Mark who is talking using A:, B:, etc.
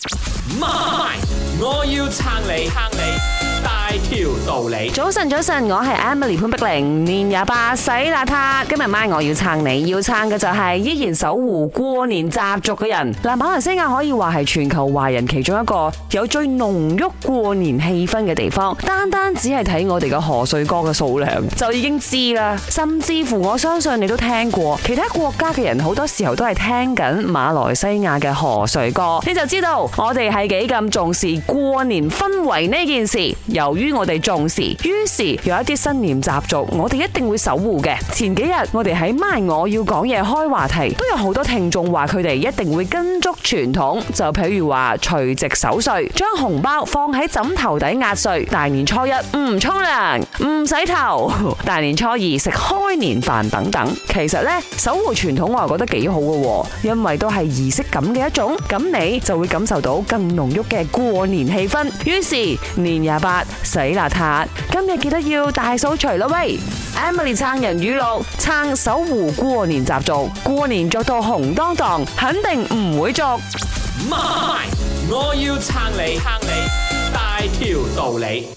A: 媽咪，My. 我要撐你，撐你。大條道理，早晨
B: 早晨，我係 Emily 潘碧玲，年廿八洗邋遢。今日晚我要撐你，要撐嘅就係依然守護過年習俗嘅人。嗱，馬來西亞可以話係全球華人其中一個有最濃郁過年氣氛嘅地方。單單只係睇我哋嘅賀歲歌嘅數量就已經知啦。甚至乎，我相信你都聽過其他國家嘅人好多時候都係聽緊馬來西亞嘅賀歲歌，你就知道我哋係幾咁重視過年氛圍呢件事。由於我哋重視，於是有一啲新年習俗，我哋一定會守護嘅。前幾日我哋喺咪我要講嘢開話題，都有好多聽眾話佢哋一定會跟足傳統，就譬如話除夕守歲，將紅包放喺枕頭底壓歲；大年初一唔沖涼唔洗頭；大年初二食開年飯等等。其實呢，守護傳統我係覺得幾好嘅，因為都係儀式感嘅一種，咁你就會感受到更濃郁嘅過年氣氛。於是年廿八。死邋遢，今日記得要大掃除啦喂！Emily 撐人語錄，撐守護過年習俗，過年做到紅當當，肯定唔會俗。
A: My, 我要撐你，撐你大條道理。